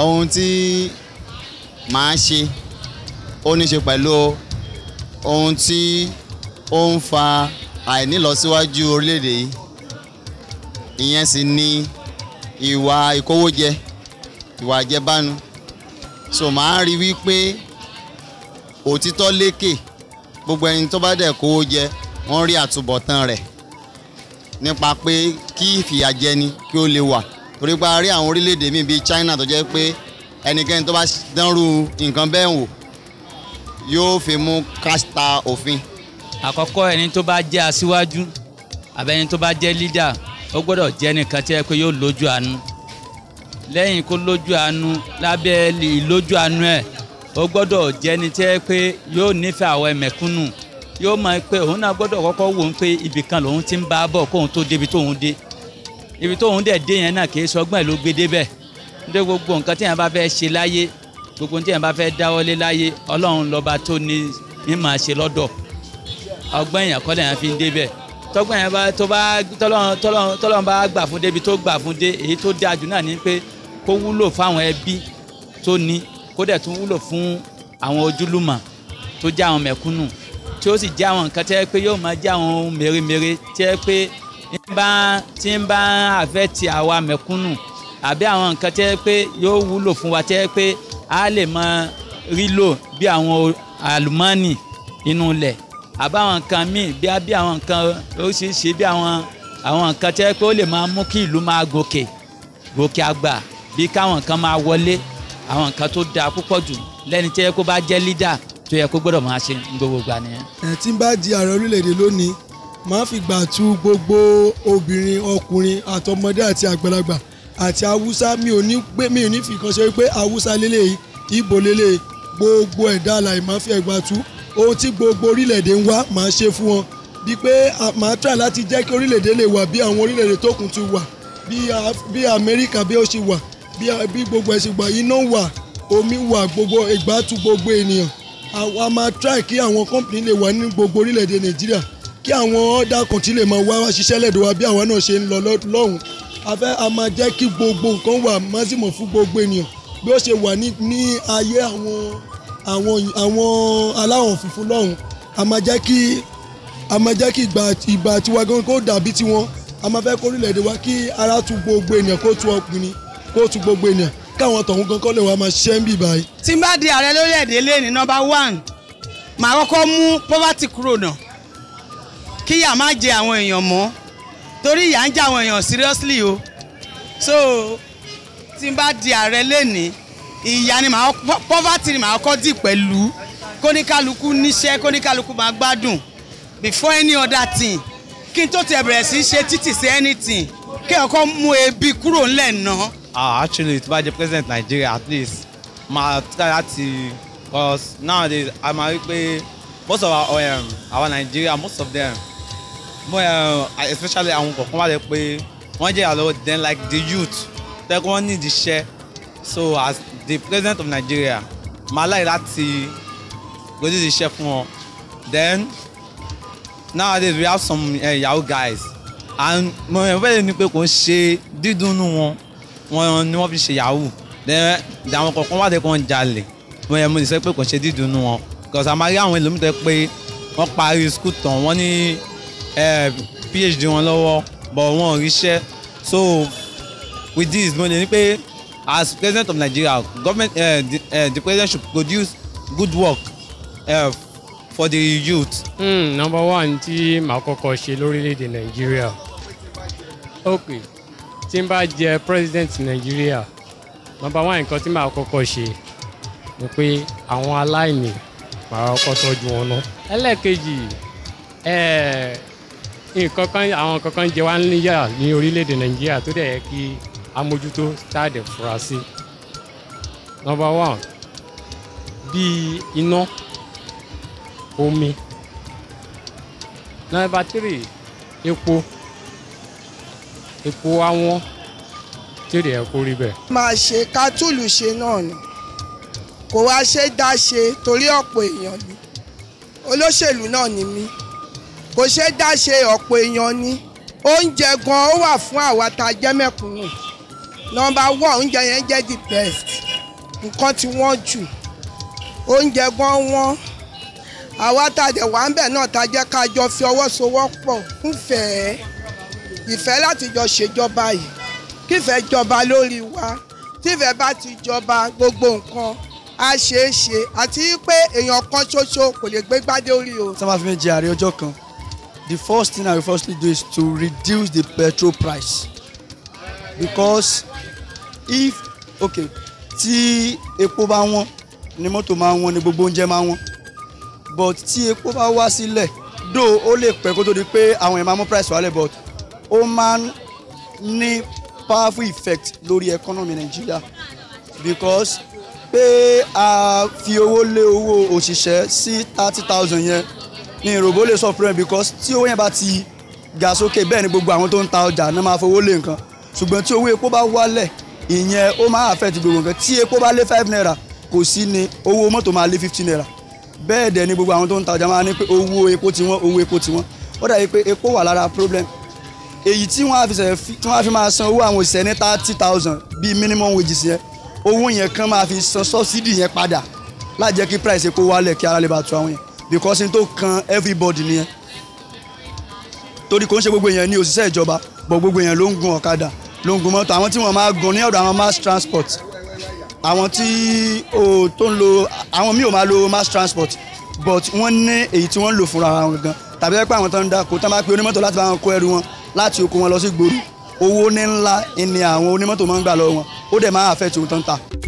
ohun tí màá ṣe ó ní ṣe pẹ̀lú ohun tí ó ń fa àìnílọsíwájú orílẹ̀-èdè yìí ìyẹn sì ni ìwà ìkówójẹ ìwà àjẹbánu so màá rí wípé òtítọ́ lékè gbogbo ẹni tó bá dẹ̀ kówó jẹ wọ́n rí àtúbọ̀tán rẹ̀ nípa pé kí ìfìyàjẹni kí ó lè wà torí pé a rí àwọn orílẹ̀-èdè míì bíi China tó jẹ́ pé ẹnikẹ́ni tó bá dánrú nǹkan bẹ́ẹ̀ wò yóò fi mú kásítà òfin. àkọ́kọ́ ẹni tó bá jẹ́ aṣíwájú àbẹ́ni tó bá jẹ́ lídà ó gbọ́dọ̀ jẹ́ nìkan tí ẹ pé yóò lójú àánú lẹ́yìn kó lójú àánú lábẹ́ ìlójú àánú ẹ̀ ó gbọ́dọ̀ jẹ́ni tí ẹ pé yóò nífẹ̀ẹ́ àwọn ẹ̀mẹ̀kúnnù yóò mọ̀ pé òun náà gbọ́dọ̀ kọ́kọ́ wò ó pé ibìkan lòun ti ń bá bọ̀ kóun tó débi tóun dé. De ibi tóun dẹ̀ dé yẹn náà kì í sọgbọ́n ẹ̀ ló gbé débẹ̀ nítorí gbogbo nǹkan tí yẹn bá fẹ́ ṣe láyé gbogbo tí yẹn bá fẹ́ dáwọ́lé láyé ọlọ́run lọ́ba tó ní ní màá ṣe lọ́dọ̀ ọgbọ́n èèyàn kọ́ lẹ́yìn fi ń débẹ̀ tọ́gbọ́n yẹn bá tó bá tọ́lọ́run bá gbà fún débi tó gbà fún dé èyí tó dáa jù náà ni pé kó wúlò fáwọn ẹbí tó ní kó dẹ̀ tún wúlò fún àwọn ojúlùmọ̀ tó jẹ́ àwọn mẹ̀kúnnù tí ó sì jẹ́ àwọn nǹkan tẹ́ pé yóò máa jẹ́ àwọn mèremère tẹ́ pé bá tí ń bá àfẹ́ ti àwa mẹ̀kúnnù àbí àwọn nǹkan tẹ́ pé yóò wúlò fún wa tẹ́ pé a lè mọ rílò bí àwọn àlùmọ́ọ́nì inú ilẹ̀ àbí àwọn nǹkan míì bí a bí àwọn nǹkan oríṣiríṣi bí àwọn àwọn nǹkan tẹ́ pé ó lè máa mú kí ìlú máa gòkè gòkè àgbà bí káwọn nǹkan máa wọlé àwọn nǹkan tó dáa púpọ̀ jù lẹ́ni tẹ́ kó bá jẹ́ lídà tó yẹ kó gbọ́dọ̀ máa ṣe gbogbo gbà nìyẹn. ẹ̀ tí ń bá di ààrẹ orílẹ̀-èdè lónìí máa fi gbà tu gbogbo obìnrin ọkùnrin àtọmọdé àti àgbàlagbà àti haúsá mi ò ní gbé mi ò ní fi kan ṣe wípé haúsá lélẹ́yìí ibo lélẹ́yìí gbogbo ẹ̀dá àlàyé máa fi ẹ̀gbà tu ohun tí gbogbo orílẹ̀-èdè ń wá máa ṣe fún wọn bíi pé máa try láti jẹ́ kí orílẹ̀-èdè lè wà bí àwọn orílẹ̀-èdè tó kù ti wà bí Amẹ́ríkà bí ó ṣe wà bí gbogbo ẹ̀ ṣe iná wà omi wà gbogbo ìgbà tu gbogbo ènìyàn àwa máa try kí àwọn company lè wà ní gbogbo orílẹ̀-èdè Nàìjíríà kí àwọn ọ̀dà kùntì lè máa wá wá ṣiṣẹ́ lẹ́dọ̀ bí àwa náà ṣe ń lọ lọ́hùn afẹ́ a máa jẹ́ kí gbogbo nǹkan wà mọ́símọ̀ fún gbogbo ènìyàn bí ó ṣe wà ní ayé àwọn aláwọ̀ funfun lọ́hùn a máa jẹ́ kí a máa jẹ́ kí ìgbà tiwa gan kó dàbí tiwọn a máa fẹ́ kórìlẹ̀ èdè wa kí ara tu gbogbo ènìyàn kó tu ọkùnrin kó tu gbogbo ènìyàn káwọn tọ̀hún gan kọ́ lè máa ṣiṣẹ́ ń bì báyìí. tí n bá di ààrẹ lórílẹ̀‐èdè lé nọ́mbà one màá kọ́kọ́ mú poverty kúrò náà kíyà má jẹ àwọn èèyàn mọ́ torí ìyà ń jẹ àwọn èèyàn seriously o so tí n bá di ààrẹ lẹ́ni ìyà ni màá poverty ni màá kọ́ dì pẹ̀lú kóníkálukú níṣẹ́ kóníkálukú máa gbádùn before any other thing kí n tó ti bẹ̀rẹ̀ sí ṣe títì sí anything kí ọkọ mú ebi kúrò ńlẹ̀ ná. ah actually tó bá jẹ president Nigeria at least máa try láti cause nowadays a máa rí pé most of our um, our Nigeria most of them Well, eh, especially àwọn kọ̀ọ̀kan wà lẹ́ pé wọ́n jẹ́ àlọ́ then like the youth tẹ́kọ̀ wọ́n need iṣẹ́ so as the president of Nigeria màá láyé láti produce iṣẹ́ fún ọ then nowadays we have some uh, yahoo guys and mo ẹ̀ eh, fẹ́ ni pé kò ń ṣe dídùnnú wọn wọn ni wọ́n fi ṣe yahoo then àwọn kọ̀ọ̀kan wà lẹ́kọ̀ọ́ ń jalè mo ẹ̀ mo lè sọ pé kò ń ṣe dídùnnú wọn because àmàlí àwọn ẹlòmíràn pé wọ́n parí school tán wọ́n ní phd wọn lọ́wọ́ but wọn ò ríṣẹ́ so with this mo lè ní pé as president of Nigeria government uh, the, uh, the president should produce good work uh, for the youth. Mm, number one tí màá kọ́kọ́ ṣe lórílẹ̀‐èdè Nàìjíríà ok tí n bá jẹ president Nàìjíríà number one nǹkan tí màá kọ́kọ́ ṣe ni pé àwọn aláìní màá kọ́kọ́ tọ́jú wọn náà. ẹlẹ́ẹ̀kejì ẹ̀ẹ́ nǹkan kan àwọn nǹkan kan jẹ wá níyà ní orílẹ̀-èdè nàìjíríà tó dẹ̀ yẹ kí amójútó táàdì fura sí. number one bíi iná omi number three epo epo àwọn tèrè ẹ̀ kó rí bẹ́ẹ̀. máa ṣe ká túlù ṣe náà ni kò wá ṣe dá ṣe torí ọ̀pọ̀ èèyàn ni olóṣèlú náà ni mí kò ṣeé dá ṣe ọ̀pọ̀ èèyàn ni oúnjẹ gan ó wà fún àwa tá a jẹ́ mẹ̀kúnnù nọ́mbà wọ oúnjẹ yẹn jẹ́ the best nǹkan tí wọ́n jù oúnjẹ gan wọ́n àwa tá a dẹ̀ wá ń bẹ̀ náà tá a jẹ́ ká jọ fi ọwọ́ sowọ́pọ̀ fúnfẹ̀ẹ́ ìfẹ́ láti jọ ṣèjọba yìí kífẹ́ jọba lórí wa tífẹ́ bá ti jọba gbogbo nǹkan a ṣeé ṣe àti pé èèyàn kan ṣoṣo kò lè gbégbádé orí o. sábà fi mi jẹ àárẹ̀ ọjọ́ kan the first thing I will firstly do is to reduce the petrol price because if okay tí epo bá wọ́n ni mọ́tò máa wọ́n ni gbogbo oúnjẹ máa wọ́n but tí epo bá wá sílẹ̀ dó ó lè pẹ́ kó tó di pé àwọn ẹ̀ máa mú price wálẹ̀ but ó máa ń ní powerful effect lórí economy Nàìjíríà because pé a fi owó lé owó òṣìṣẹ́ sí thirty thousand yẹn ní ìròbó lè sọ fún ẹ because tí owó yẹn bá ti ga sókè bẹ́ẹ̀ ni gbogbo àwọn tó ń ta ọjà náà máa fowó lé nǹkan ṣùgbọ́n tí owó epo bá wálẹ̀ ìyẹn ó máa affect gbogbo nǹkan tí epo bá lé five naira kò sí ni owó mọ́tò máa lé fifteen naira bẹ́ẹ̀ dẹ̀ ni gbogbo àwọn tó ń ta ọjà máa ní pé owó epo ti wọ́n owó epo ti wọ́n ó dàbí pé epo wà lára problem èyí tí wọ́n á fi sẹ̀ tí máa san owó àwọn òṣìṣẹ́ ní thirty thousand bíi minimum wages yẹn owó yẹn kan máa fi san subsidy yẹn padà láì jẹ́ kí price epo wálẹ̀ kí ara lè bá tu àwọn yẹn because n tó kan everybody nìyẹn torí kò ń ṣe gbogbo èèyàn ní òṣìṣẹ́ ìjọba bọ̀ gbogbo èèyàn ló ń gun ọ̀kadà ló ń gun mọ́tò àwọn tí wọ́n máa gun ní ọ̀dọ̀ àwọn mass transport àwọn tí o tó ń lo àwọn míì ò máa lo mass transport but wọ́n ní èyí tí wọ́n ń lò fúnra wọn gan tàbí ẹ pé àwọn tó ń dáko tó máa pe onímọ́tò láti bá wọn kó ẹrù wọn láti oko wọn lọ sí gbòòrò owó ní ńlá ni àwọn onímọ́tò máa ń gbà lọ́wọ́ wọn ó dẹ̀ máa àfẹ́ tòun tó ń ta.